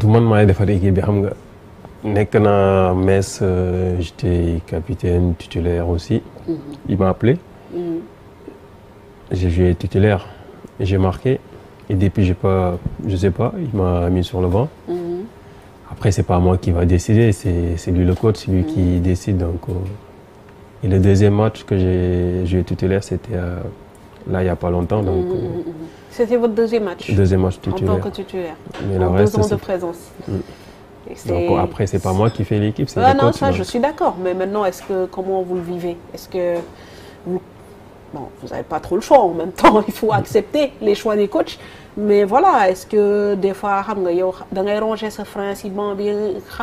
Tout le monde m'a équipe que euh, j'étais capitaine titulaire aussi mhm. il m'a appelé mhm. j'ai joué titulaire j'ai marqué et depuis je ne sais pas il m'a mis sur le banc mhm. après ce n'est pas moi qui va décider c'est lui le coach c'est lui qui décide donc euh. et le deuxième match que j'ai joué titulaire c'était là il n'y a pas longtemps donc euh. C'était votre deuxième match Deuxième match titulaire. En tant que titulaire. Mais le reste, ans de présence. Mm. Donc après, c'est pas moi qui fais l'équipe, c'est ah, Non, ça, je suis d'accord. Mais maintenant, est-ce que comment vous le vivez Est-ce que vous bon, vous n'avez pas trop le choix en même temps. Il faut accepter les choix des coachs. Mais voilà, est-ce que des fois, vous avez rangé ce frein si bon,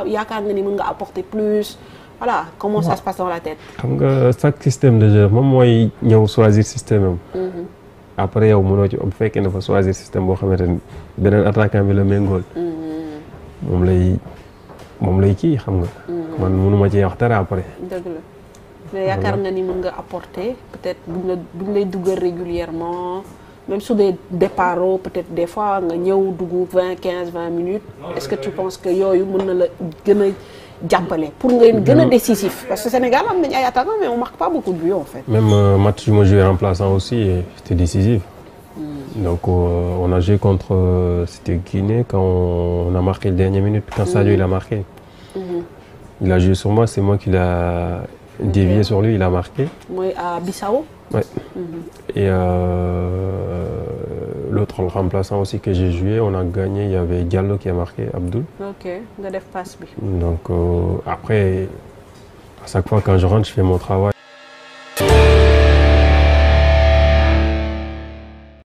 il y a quand même apporter plus Voilà, comment ça se passe dans la tête Chaque système déjà. moi, moi, moi, il choisir le système après yow mënoo ci bu fekkee ne fa choisir système boo xamante ni beneen attaquant bi la méngool. Mm-hmm. moom lay moom lay kii xam nga. Mm-hmm. man mënuma ci wax dara après. dëgg la mais yaakaar nga ni mën nga apporter peut-être buñ régulièrement même sur des départs, peut-être des fois nga ñëw dugg vingt quinze vingt minutes est-ce que tu penses que yooyu mën na la gën pour nous il mm-hmm. décisif parce que Sénégal on ne mais on marque pas beaucoup de buts en fait. même euh, match je en joué remplaçant aussi c'était décisif. Mm. donc euh, on a joué contre euh, c'était Guinée quand on a marqué le dernier minute quand Sadio lui mm. il a marqué. Mm-hmm. il a joué sur moi c'est moi qui l'a dévié sur lui il a marqué. moi à Bissau. Oui. Mm-hmm. et. Euh, l'autre remplaçant aussi que j'ai joué, on a gagné, il y avait Diallo qui a marqué, Abdul. Ok, Donc euh, après, à chaque fois quand je rentre, je fais mon travail.